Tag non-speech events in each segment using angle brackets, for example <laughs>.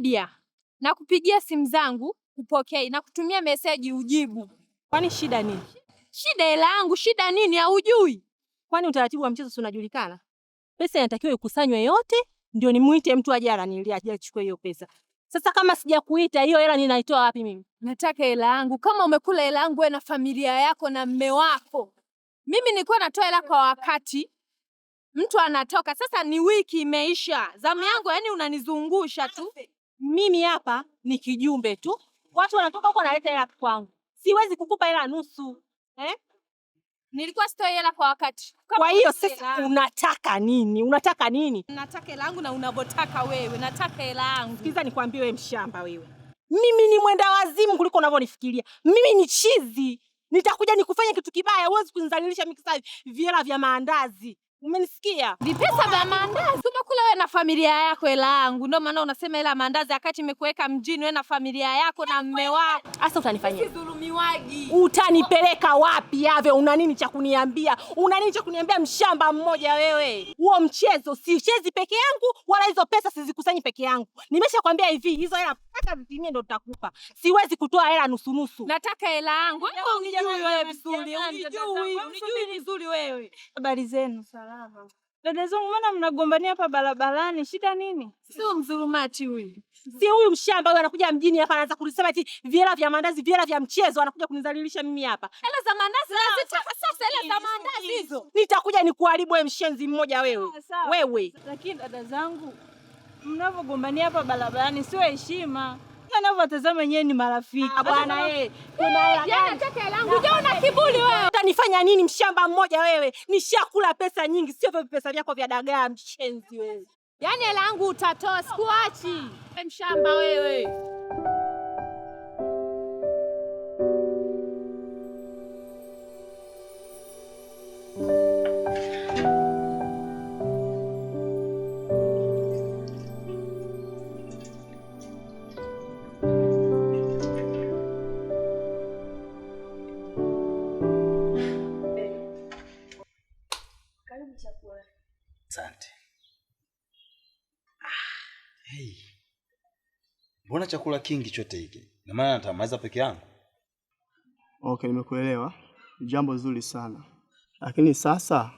Nadia, nakupigia simu zangu upokei, na kutumia meseji ujibu. Kwani shida nini? Shida hela yangu, shida nini? Haujui? Kwani utaratibu wa mchezo si unajulikana? Pesa inatakiwa ikusanywe yote ndio nimuite mtu aje ananilia aje achukue hiyo pesa. Sasa kama sijakuita hiyo hela ninaitoa wapi mimi? Nataka hela yangu. Kama umekula hela yangu wewe na familia yako na mme wako. Mimi nilikuwa natoa hela kwa wakati. Mtu anatoka. Sasa ni wiki imeisha. Zamu yangu yani unanizungusha tu mimi hapa ni kijumbe tu, watu wanatoka huko wanaleta hela kwangu, siwezi kukupa hela nusu eh? Nilikuwa sitoi hela kwa wakati. Kwa hiyo sasa unataka nini? Unataka nini? Nataka hela yangu na unavyotaka wewe. Nataka hela yangu. Sikiza nikwambie wewe mshamba wewe. Mimi ni mwenda wazimu kuliko unavyonifikiria. Mimi ni chizi. Nitakuja nikufanya kitu kibaya, huwezi kunizalilisha mimi sasa vya maandazi. Umenisikia? Vipesa vya maandazi kula we na familia yako, hela yangu. Ndio maana unasema ila mandazi akati imekuweka mjini, we na familia yako na mme wako. Sasa utanifanyia utanipeleka wapi? Ave, una nini cha kuniambia? Una nini cha kuniambia, mshamba mmoja wewe? Huo mchezo sichezi peke yangu, wala hizo pesa sizikusanyi peke yangu. Nimeshakwambia hivi, hizo hela mpaka vitimie ndo nitakupa. Siwezi kutoa hela nusu nusu. Nataka hela yangu. Unijui wewe vizuri, unijui vizuri wewe. Habari zenu? Salama. Dada zangu, mbona mnagombania hapa barabarani? Shida nini? Si mzulumati huyu. Si huyu mshamba huyu anakuja mjini hapa anaanza kunisema eti viela vya mandazi viela vya mchezo, anakuja kunizalilisha mimi hapa. Hela za maandazi nazitaka sasa, hela za mandazi hizo. Nitakuja nikuharibu wewe mshenzi mmoja wewe. Wewe. Lakini dada zangu, mnavyogombania hapa barabarani sio heshima. Anavyoatazama yenyewe ni marafiki ah, bwana. Eh, eh, Una yaani kiburi wewe, utanifanya nini? Mshamba mmoja wewe, nishakula pesa nyingi, sio vipesa vyako vya dagaa. Mshenzi wewe, yaani hela yangu utatoa, sikuachi mshamba wewe. mbona chakula kingi chote hiki? Na maana natamaliza peke yangu. Okay, nimekuelewa. Jambo zuri sana, lakini sasa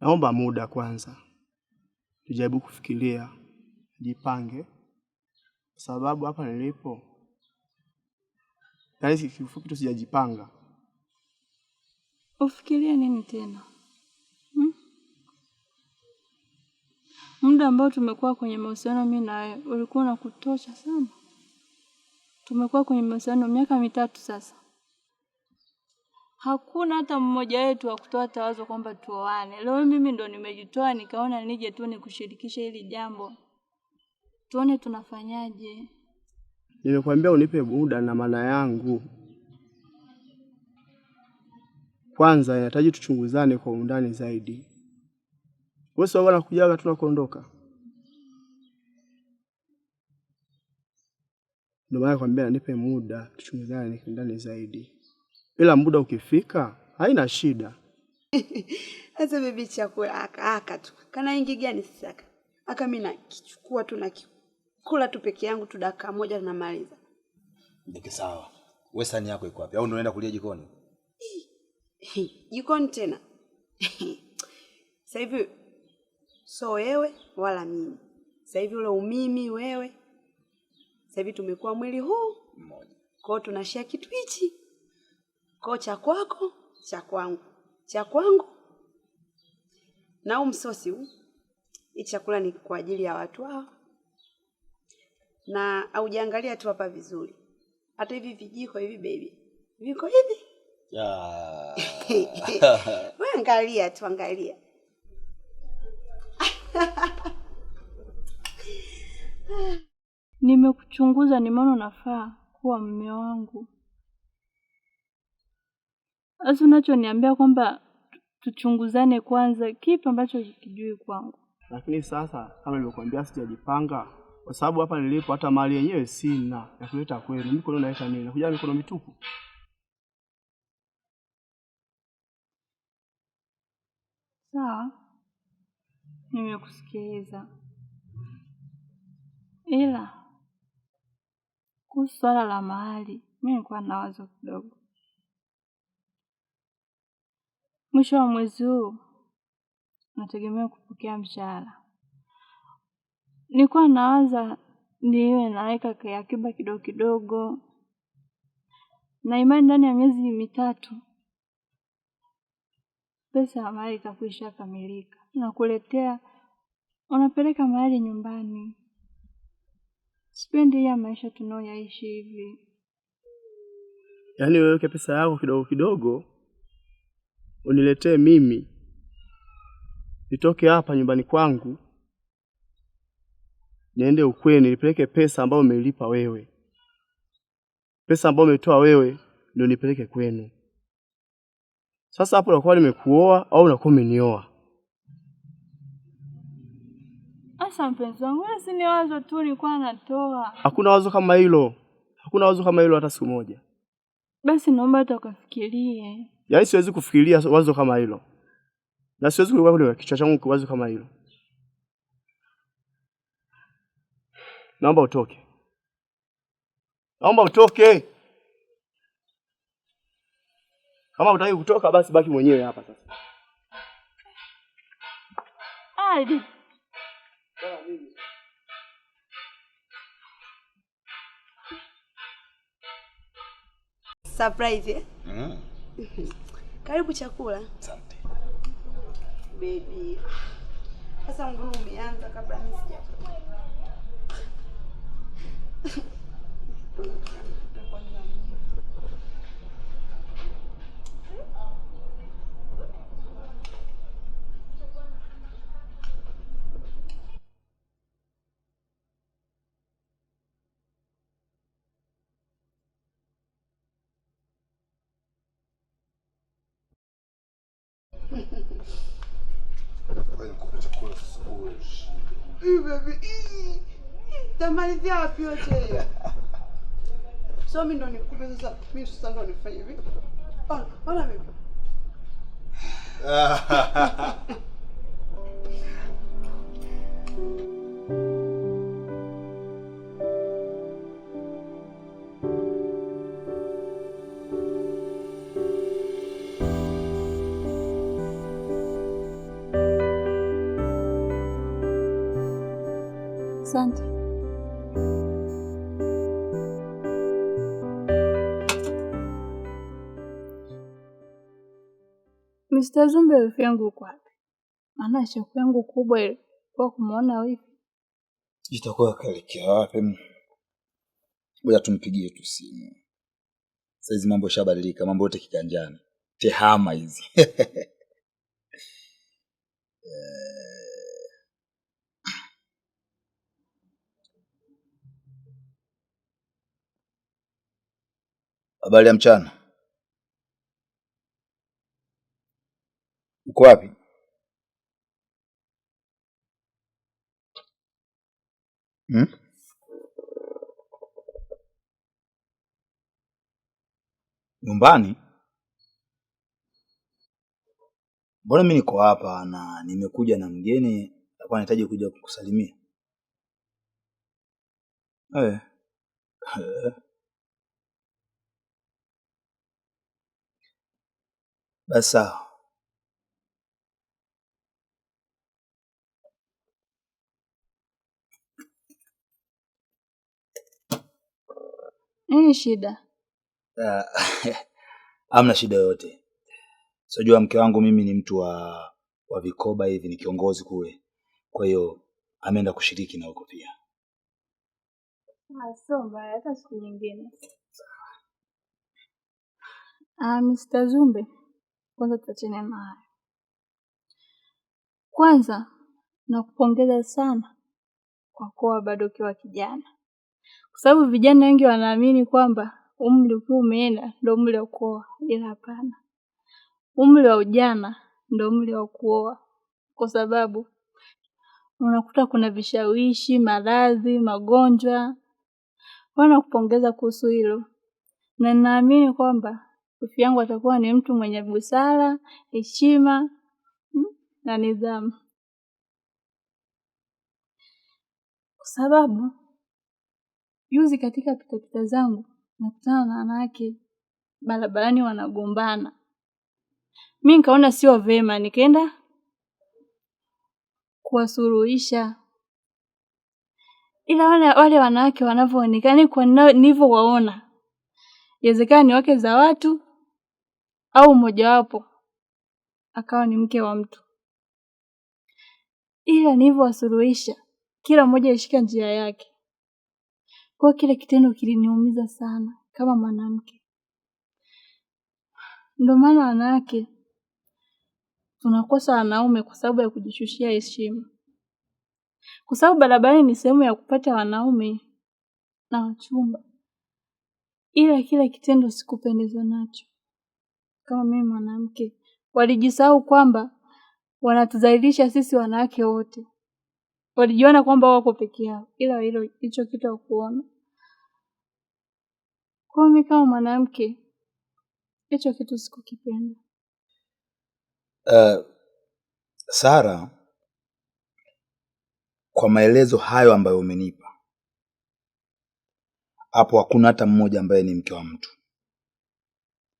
naomba muda kwanza, tujaribu kufikiria, jipange, kwa sababu hapa nilipo yaani kifupi tu sijajipanga. Ufikirie nini tena? muda ambao tumekuwa kwenye mahusiano mimi na wewe ulikuwa na kutosha sana. Tumekuwa kwenye mahusiano miaka mitatu sasa, hakuna hata mmoja wetu wa kutoa tawazo kwamba tuoane. Leo mimi ndo nimejitoa, nikaona nije tu nikushirikishe hili jambo, tuone tunafanyaje. Nimekuambia unipe muda na maana yangu kwanza, inahitaji tuchunguzane kwa undani zaidi. Wewe sababu anakujaga tunakuondoka. Ndio maana nakwambia nipe muda tuchunguzane ndani zaidi, ila muda ukifika haina shida. <laughs> Sasa bibi chakula akaaka tu kana ingi gani sasa aka mimi nakichukua tu nakikula tu peke yangu tu dakika moja tunamaliza. Ndike sawa. Wewe sani yako iko wapi? Au unaenda kulia jikoni? Jikoni tena. <laughs> Sasa hivi so wewe wala mimi. Sasa hivi ule umimi wewe, sasa hivi tumekuwa mwili huu mmoja, kwao tunashia kitu hichi, kwao cha kwako cha kwangu cha kwangu, na huu msosi huu, hii chakula ni kwa ajili ya watu hao, na haujaangalia tu hapa vizuri, hata hivi vijiko hivi baby viko hivi, <laughs> angalia tu, angalia Nimekuchunguza, nimeona unafaa kuwa mume wangu. Sasa unachoniambia kwamba tuchunguzane kwanza, kipi ambacho kijui kwangu? Lakini sasa kama nilivyokuambia, sijajipanga kwa sababu hapa nilipo hata mali yenyewe sina ya kuleta kwenu. Mikono naleta nini? Nakuja mikono mitupu. Sawa nimekusikiliza, ila kuhusu swala la mahali, mi nilikuwa na wazo kidogo. Mwisho wa mwezi huu nategemea kupokea mshahara. Nilikuwa nawaza niwe naweka kiakiba kidogo kidogo, na imani ndani ya miezi mitatu pesa ya mahali itakuwa kamilika nakuletea, unapeleka mahali nyumbani. Sipendi ya maisha tunaoyaishi hivi. Yaani weweke pesa yako kidogo kidogo uniletee mimi, nitoke hapa nyumbani kwangu niende ukweni, nipeleke pesa ambayo umeilipa wewe, pesa ambayo umetoa wewe ndio nipeleke kwenu. Sasa hapo nakuwa nimekuoa au nakuwa umenioa? Sasa mpenzi wangu, si ni wazo tu nilikuwa natoa. Hakuna wazo kama hilo, hakuna wazo kama hilo hata siku moja. Basi naomba hata ukafikirie. Yaani siwezi kufikiria wazo kama hilo, na siwezi kulikuwa kwenye kichwa changu wazo kama hilo. Naomba utoke, naomba utoke. Kama utaki kutoka, basi baki mwenyewe hapa sasa. Surprise eh? Mm. <laughs> Karibu chakula. Asante. Baby. Sasa nguru umeanza kabla mimi sijakula. <laughs> <laughs> Kuna chakula hoje. Tamali vyapi yote. So mimi ndo nikupe sasa, mimi sasa ndo nifanye hivi. Ona mimi. <laughs> Nitazumba elfu yangu huko wapi? Maana shauku yangu kubwa ilikuwa kumwona wifi. Itakuwa kaelekea wapi? Ngoja tumpigie tu simu. Saizi mambo yashabadilika, mambo yote kiganjani, tehama hizi <laughs> eh. Habari ya mchana. Uko wapi? Hmm? Nyumbani? Mbona mimi niko hapa na nimekuja na mgeni, alikuwa anahitaji kuja kukusalimia. Eh. <laughs> Basi sawa, Nini shida? Ah, <laughs> hamna shida yoyote. Sijua mke wangu mimi ni mtu wa wa vikoba hivi, ni kiongozi kule, kwa hiyo ameenda kushiriki na huko pia. Ah, sio mbaya, hata siku nyingine. Ah, Mr. Zumbe, kwanza tutachene na Kwanza nakupongeza sana kwa kuwa bado ukiwa kijana kwa sababu vijana wengi wanaamini kwamba umri ukiwa umeenda ndio umri wa kuoa, ila hapana. Umri wa ujana ndio umri wa kuoa, kwa sababu unakuta kuna vishawishi, maradhi, magonjwa. Wanakupongeza kuhusu hilo, na ninaamini kwamba rafiki yangu atakuwa ni mtu mwenye busara, heshima mm, na nidhamu, kwa sababu Juzi katika pitapita zangu nakutana na wanawake barabarani wanagombana, mi nikaona sio vema, nikaenda kuwasuluhisha, ila wale, wale wanawake wanavyoonekana, yaani kwa nilivyowaona, inawezekana ni wake za watu au mmojawapo akawa ni mke wa mtu, ila nilivyowasuluhisha, kila mmoja alishika njia yake. Kwa kile kitendo kiliniumiza sana kama mwanamke. Ndio maana wanawake tunakosa wanaume kwa sababu ya kujishushia heshima, kwa sababu barabarani ni sehemu ya kupata wanaume na wachumba, ila kile kitendo sikupendezwa nacho kama mimi mwanamke. Walijisahau kwamba wanatudhalilisha sisi wanawake wote walijiona kwamba wako peke yao, ila hilo hicho kitu hakuona. Kwa mimi kama mwanamke, hicho kitu sikukipenda. Uh, Sara, kwa maelezo hayo ambayo umenipa hapo, hakuna hata mmoja ambaye ni mke wa mtu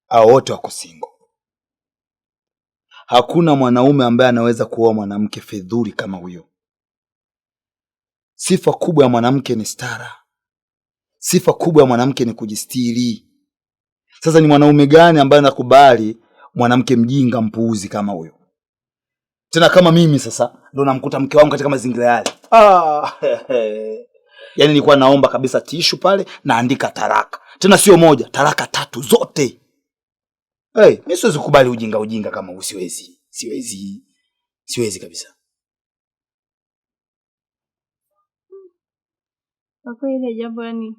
au wote wako single. Hakuna mwanaume ambaye anaweza kuoa mwanamke fidhuri kama huyo. Sifa kubwa ya mwanamke ni stara. Sifa kubwa ya mwanamke ni kujistiri. Sasa ni mwanaume gani ambaye nakubali mwanamke mjinga mpuuzi kama huyo? Tena kama mimi sasa ndo namkuta mke wangu katika mazingira yale. Ah, <laughs> yani nilikuwa naomba kabisa tishu pale naandika taraka. Tena sio moja, taraka tatu zote. Hey, mimi siwezi kukubali ujinga ujinga kama huu siwezi. Siwezi. Siwezi kabisa. Kwa kweli jambo yani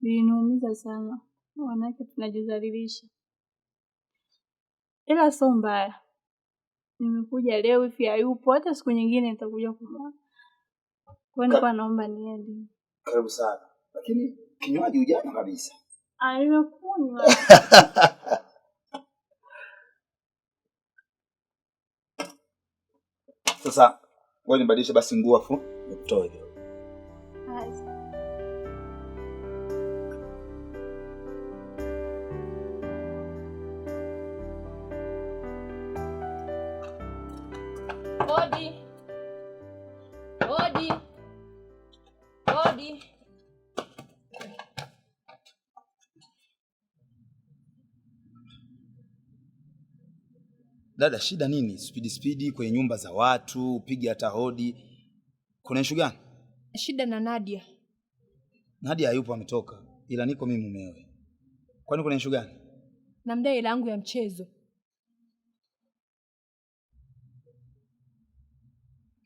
liliniumiza sana, wanawake tunajidhalilisha, ila sio mbaya. Nimekuja leo, hivi hayupo, hata siku nyingine nitakuja kumwona. Kwa nilikuwa naomba niende. Karibu sana, lakini kinywaji ujana kabisa. Ah, nimekunywa <laughs> sasa. Wewe nibadilishe basi nguo afu nikutoe. dada, shida nini? Speed speed kwenye nyumba za watu upige hata hodi, kuna ishu gani? Shida na Nadia. Nadia hayupo ametoka, ila niko mimi mumewe. Kwani kuna ishu gani? Namdai hela yangu ya mchezo.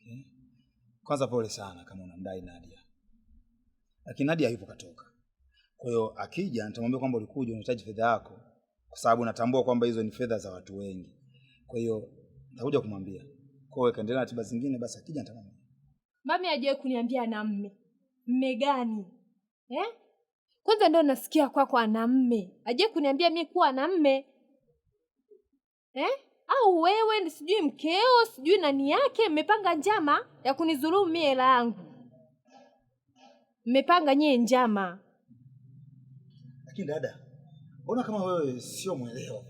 Okay. Kwanza pole sana kama unamdai Nadia, lakini Nadia hayupo katoka. Kwa hiyo akija nitamwambia kwamba ulikuja unahitaji fedha yako, kwa sababu natambua kwamba hizo ni fedha za watu wengi kwa hiyo nakuja kumwambia. Kwa hiyo kaendelea na tiba zingine, basi akija nitamwambia. Mami hajawahi kuniambia ana mme. Mme gani? Eh? Kwanza ndio nasikia kwako kwa ana mme. Hajawahi kuniambia mimi kuwa ana mme. Eh? Au wewe sijui mkeo, sijui nani yake mmepanga njama ya kunidhulumu mimi hela yangu. Mmepanga nyie njama. Lakini dada, mbona kama wewe sio mwelewa?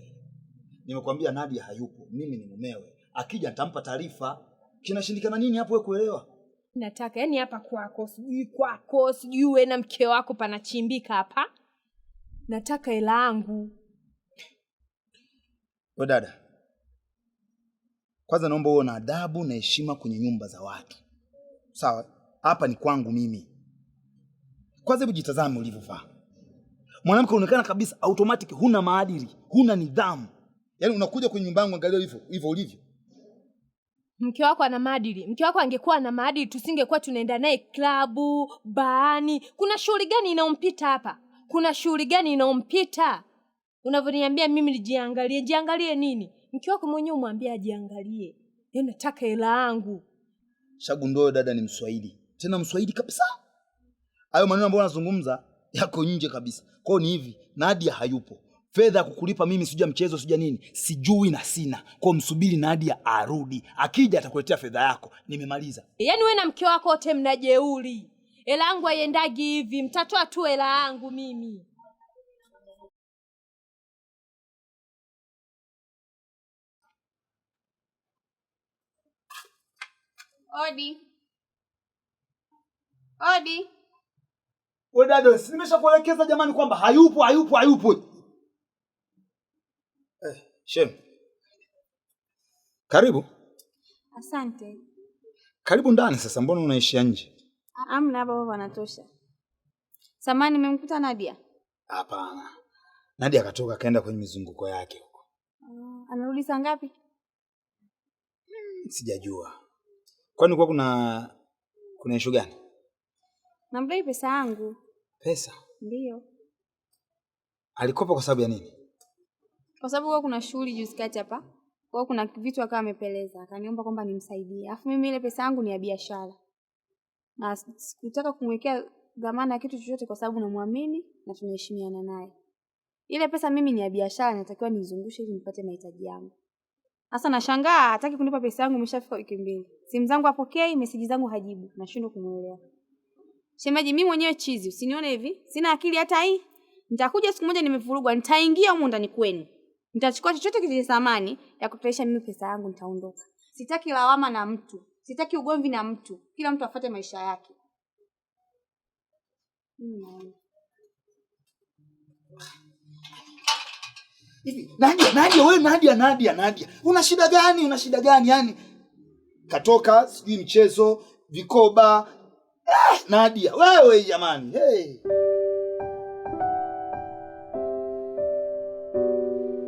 Nimekwambia Nadia hayupo mimi ni mumewe, akija nitampa taarifa. Kinashindikana nini hapo wewe kuelewa? Nataka yani hapa kwako, sijui kwako, sijui wewe na mke wako, panachimbika hapa. Nataka hela yangu. We dada, kwanza naomba uwe na adabu na heshima kwenye nyumba za watu, sawa? Hapa ni kwangu mimi. Kwanza hebu jitazame ulivyovaa mwanamke, unaonekana kabisa automatic huna maadili, huna nidhamu. Yaani unakuja kwenye nyumba yangu angalia hivyo hivyo ulivyo. Mke wako ana maadili. Mke wako angekuwa na maadili tusingekuwa tunaenda naye klabu, baani. Kuna shughuli gani inaompita hapa? Kuna shughuli gani inaompita? Unavyoniambia mimi nijiangalie, jiangalie nini? Mke wako mwenyewe umwambie ajiangalie. Yeye nataka hela yangu. ndoyo dada ni Mswahili. Tena Mswahili kabisa. Hayo maneno ambayo anazungumza yako nje kabisa. Kwao ni hivi, Nadia hayupo fedha ya kukulipa mimi sija mchezo sija nini sijui na sina kwao, msubiri Nadia arudi, akija atakuletea fedha yako. Nimemaliza. Yaani wewe na mke wako wote mnajeuri. Hela yangu haiendagi hivi, mtatoa tu hela yangu mimi. Odi odi, Wewe dada, nimeshakuelekeza jamani, kwamba hayupo hayupo hayupo Shem, karibu. Asante. Karibu ndani sasa, mbona unaishia nje? Amna baba, anatosha. Samani, memkuta Nadia? Hapana, Nadia akatoka akaenda kwenye mizunguko yake huko. Oh, anarudi saa ngapi? Hmm, sijajua. Kwani kwa kuna kuna ishu gani? Namdai pesa yangu. Pesa? ndio Alikopa kwa sababu ya nini? kwa sababu huwa kuna shughuli juzi kati hapa, kwa kuna vitu akawa amepeleza, akaniomba kwamba nimsaidie. Alafu mimi ile pesa yangu ni ya biashara, na sikutaka kumwekea dhamana ya kitu chochote, kwa sababu namwamini na tunaheshimiana naye. Ile pesa mimi ni ya biashara, natakiwa nizungushe ili nipate mahitaji yangu. Sasa nashangaa hataki kunipa pesa yangu, imeshafika wiki mbili. Simu zangu hapokei, meseji zangu hajibu. Nashindwa kumuelewa. Shemeji, mimi mwenyewe chizi, usinione hivi. Sina akili hata hii. Nitakuja siku moja nimevurugwa, nitaingia huko ndani kwenu. Nitachukua chochote kile thamani ya kutoesha mimi pesa yangu, nitaondoka. Sitaki lawama na mtu, sitaki ugomvi na mtu, kila mtu afate maisha yake. Nadia, Nadia, we Nadia, Nadia, Nadia, una shida gani? Una shida gani? Yani katoka sijui mchezo, vikoba. Eh, Nadia wewe, jamani, hey.